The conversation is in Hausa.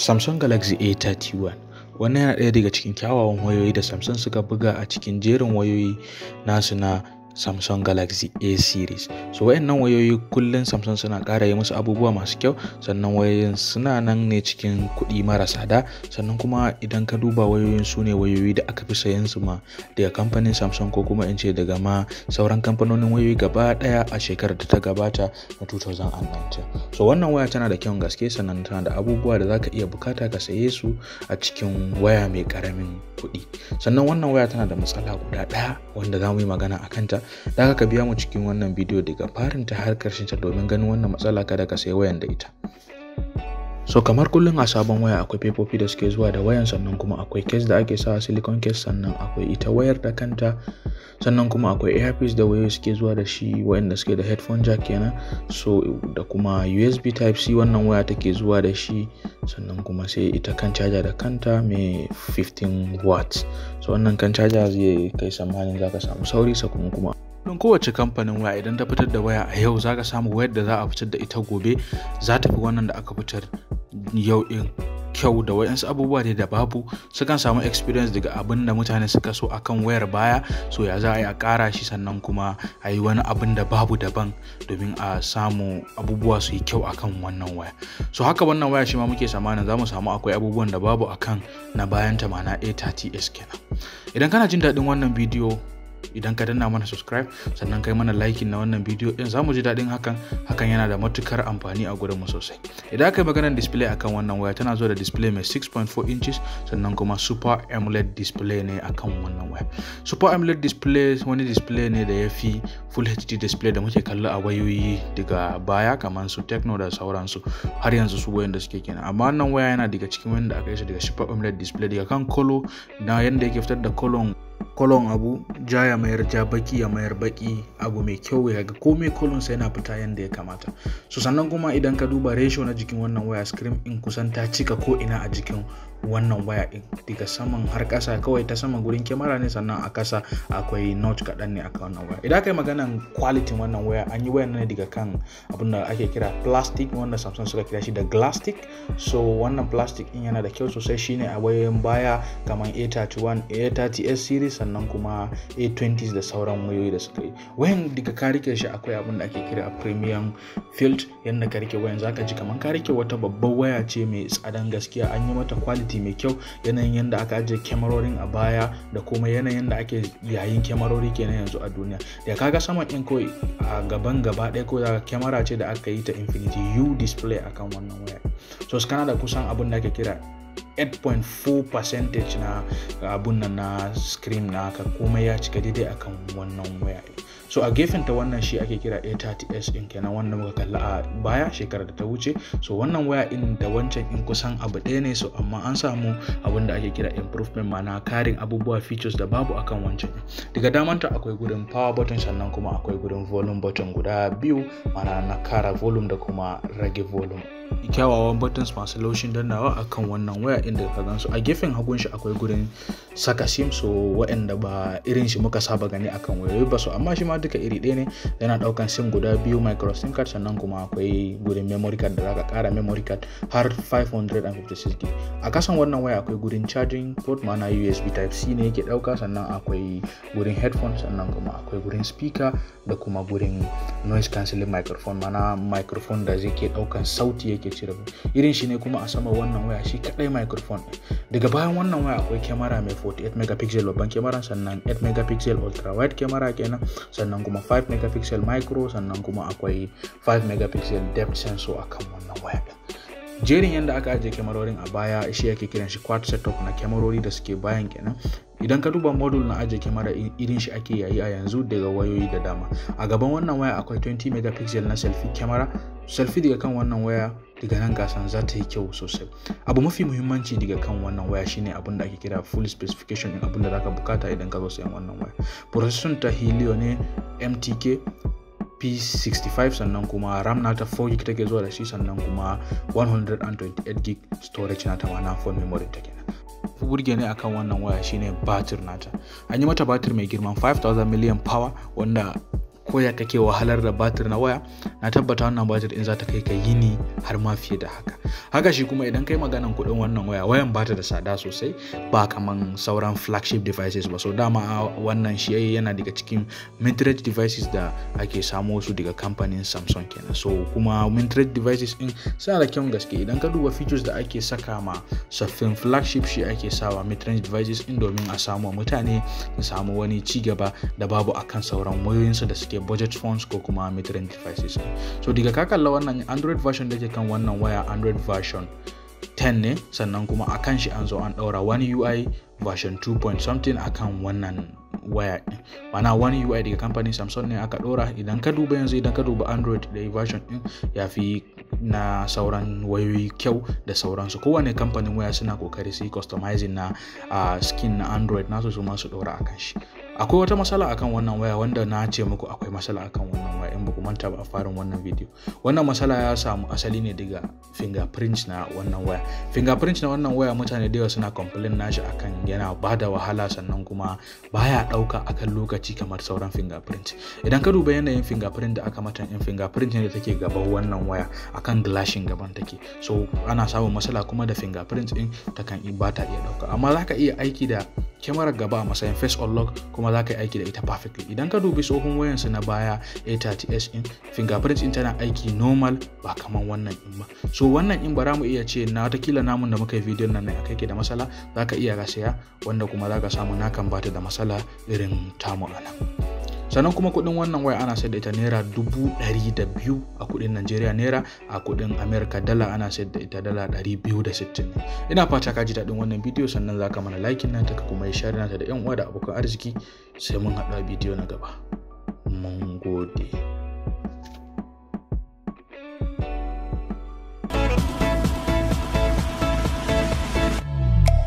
Samsung Galaxy A31 wannan yana ɗaya daga cikin kyawawan wayoyi da Samsung suka buga a cikin jerin wayoyi nasu na Samsung Galaxy A series. So nan wayoyi kullum Samsung suna ƙara yi musu abubuwa masu kyau sannan wayoyin suna nan ne cikin kuɗi mara sada sannan kuma idan ka duba wayoyin su ne wayoyi da aka fi sayan su ma daga kamfanin Samsung ko kuma in ce daga ma sauran kamfanonin wayoyi gaba ɗaya a shekarar da ta gabata na 2019. So wannan waya tana da kyau gaske sannan tana da abubuwa da zaka iya bukata ka saye su a cikin waya mai karamin kuɗi. Sannan wannan waya tana da matsala guda ɗaya wanda za mu yi magana a kanta da aka biya mu cikin wannan bidiyo daga farinta har karshen ta domin ganin wannan matsala kada ka sai wayan da ita so kamar kullum a sabon waya akwai fefofi da suke zuwa da wayan sannan kuma akwai case da ake sawa silicon case sannan akwai ita wayar da kanta sannan kuma akwai earpiece da wayoyi suke zuwa da shi wayanda suke da headphone jack kenan so da kuma usb type c wannan waya take zuwa da shi sannan kuma sai ita kan caja da kanta mai 15 watts so wannan kan caja zai kai samanin zaka samu sauri sakon kuma don kowace kamfanin waya idan ta fitar da waya a yau zaka samu wayar da za a fitar da ita gobe za ta fi wannan da aka fitar yau in kyau da wayansu abubuwa ne da babu sukan samu experience daga abin da mutane suka so akan wayar baya so ya za a yi a ƙara shi sannan kuma a yi wani abin da babu daban domin a samu abubuwa su yi kyau akan wannan waya so haka wannan waya shi ma muke samana za mu samu akwai abubuwan da babu akan na bayan ta mana a30s kenan idan kana jin daɗin wannan bidiyo idan ka danna mana subscribe sannan kai mana like na wannan bidiyo din zamu ji daɗin hakan hakan yana da matukar amfani a gurin mu sosai idan aka yi maganar display akan wannan waya tana zuwa da display mai 6.4 inches sannan kuma super amoled display ne akan wannan waya super amoled display wani display ne da ya fi full hd display da muke kallo a wayoyi daga baya kamar su techno da sauransu har yanzu su da suke kenan amma wannan waya yana daga cikin wanda aka yi shi daga super amoled display daga kan kolo na yanda yake fitar da kolon kolon abu ja ya mayar ja baki ya mayar baki abu mai kyau ya ga komai kolon sai yana fita yadda ya kamata so sannan kuma idan ka duba ratio na jikin wannan waya screen in kusan ta cika ko ina a jikin wannan waya daga saman har kasa kawai ta saman gurin kyamara ne sannan a kasa akwai notch kaɗan ne akan wannan waya idan aka yi maganan quality wannan waya an yi wayan ne daga kan abin da ake kira plastic wanda samsung suka kira shi da glastic so wannan plastic in yana da kyau sosai shine a wayoyin baya kamar a31 a30s series sannan kuma a20s da sauran wayoyi da suka yi wayan daga ka rike shi akwai abin da ake kira premium field yadda ka rike wayan zaka ji kamar ka rike wata babbar waya ce mai tsadan gaskiya an yi mata quality quality mai kyau yanayin yadda aka ajiye kyamarorin a baya da kuma yanayin da ake yayin kyamarori kenan yanzu a duniya da kaga sama in kawai a gaban gaba ɗaya ko daga kyamara ce da aka yi ta infinity u display akan wannan waya so kana da kusan abin da ake kira 8.4 percentage na abun nan na screen na aka komai ya cika daidai akan wannan waya so a gefen ta wannan shi ake kira a30s din kenan wannan muka kalla a baya shekarar da ta wuce so wannan waya in da wancan in kusan abu ɗaya ne so amma an samu abin da ake kira improvement ma'ana karin abubuwa features da babu akan wancan daga damanta akwai gudun power button sannan kuma akwai gudun volume button guda biyu ma'ana na kara volume da kuma rage volume kyawawan buttons masu laushin dannawa a kan wannan waya inda ka gansu a gefen hagun shi akwai gurin saka sim so waɗanda ba irin shi muka saba gani akan wayoyi ba so amma shi ma duka iri ɗaya ne yana ɗaukan sim guda biyu micro sim card sannan kuma akwai gurin memory card da zaka kara memory card har 556 gb a kasan wannan waya akwai gurin charging port mana usb type c ne yake ɗauka sannan akwai gurin headphone sannan kuma akwai gurin speaker da kuma gurin noise cancelling microphone mana microphone da zai ke ɗaukan sauti yake cire irin shi ne kuma a sama wannan waya shi kaɗai microphone daga bayan wannan waya akwai kyamara mai 48 megapixel babban kyamara sannan 8 megapixel ultra wide kyamara kenan sannan sannan kuma 5 megapixel micro sannan kuma akwai 5 megapixel depth sensor akan wannan waya jerin yadda aka ajiye kyamarorin a baya shi yake kiran shi quad setup na kyamarori da suke bayan kenan idan ka duba modul na ajiye kyamara irin shi ake yayi a yanzu daga wayoyi da dama a gaban wannan waya akwai 20 megapixel na selfie kyamara selfie daga kan wannan waya daga nan gasan za ta yi kyau sosai abu mafi muhimmanci daga kan wannan waya shine abin da ake kira full specification din abin da zaka bukata idan ka zo sayan wannan waya processor ta helio ne mtk p65 sannan kuma ram nata 4 gig take zuwa da shi sannan kuma 128 gig storage nata ma na phone memory ta kenan burge ne akan wannan waya shine batir nata an yi mata batir mai girman 5000 million power wanda ko ya kake wahalar da batir na waya na tabbata wannan batir in za ta kai ka yini har ma fiye da haka haka shi kuma idan kai maganan kuɗin wannan waya wayan bata da sada sosai ba kaman sauran flagship devices ba so dama wannan shi yana daga cikin mid-range devices da ake samo su daga kamfanin samsung kenan so kuma mid devices din suna da kyan gaske idan ka duba features da ake saka ma saffin flagship shi ake sawa mid-range devices din domin a samu mutane su samu wani ci gaba da babu akan sauran wayoyinsu da suke iya budget phones ko kuma metering devices so daga ka kalla wannan android version da ke kan wannan waya android version 10 ne sannan kuma a kan shi an zo an ɗaura wani UI version 2 point something a wannan waya ɗin mana wani UI daga kamfanin Samsung ne aka ɗora idan ka duba yanzu idan ka duba Android da version din ya fi na sauran wayoyi kyau da sauransu kowane kamfanin waya suna kokari su yi customizing na uh, skin na Android nasu su masu su ɗora a kan shi akwai wata matsala akan wannan waya wanda na ce muku akwai matsala akan wannan waya in baku manta ba a farin wannan bidiyo wannan matsala ya samu asali ne daga fingerprint na wannan waya fingerprint na wannan waya mutane da yawa suna complain nashi akan yana bada wahala sannan kuma baya dauka akan lokaci kamar sauran fingerprint idan ka duba yanayin fingerprint da aka mata in fingerprint ne da take gaban wannan waya akan glashing gaban take so ana samun matsala kuma da fingerprint din takan ba ta iya dauka amma zaka iya aiki da kyamarar gaba a matsayin face unlock kuma za ka yi aiki da ita perfectly idan ka dubi tsohon wayansu na baya a30s in fingerprint in tana aiki normal ba kaman wannan in ba so wannan in ba mu iya ce na watakila namun da muka yi bidiyon nan a ke da matsala za ka iya rasaya wanda kuma za ka samu nakan kan bata da matsala irin tamu a nan sannan kuma kuɗin wannan waya ana sayar da ita naira dubu ɗari da biyu a kuɗin najeriya naira a kuɗin amerika dala ana sayar da ita dala ɗari biyu da sittin ina fata ka ji daɗin wannan bidiyo sannan za ka mana likin nata ka kuma yi share nata da yan uwa da abokan arziki sai mun haɗa bidiyo na gaba mun gode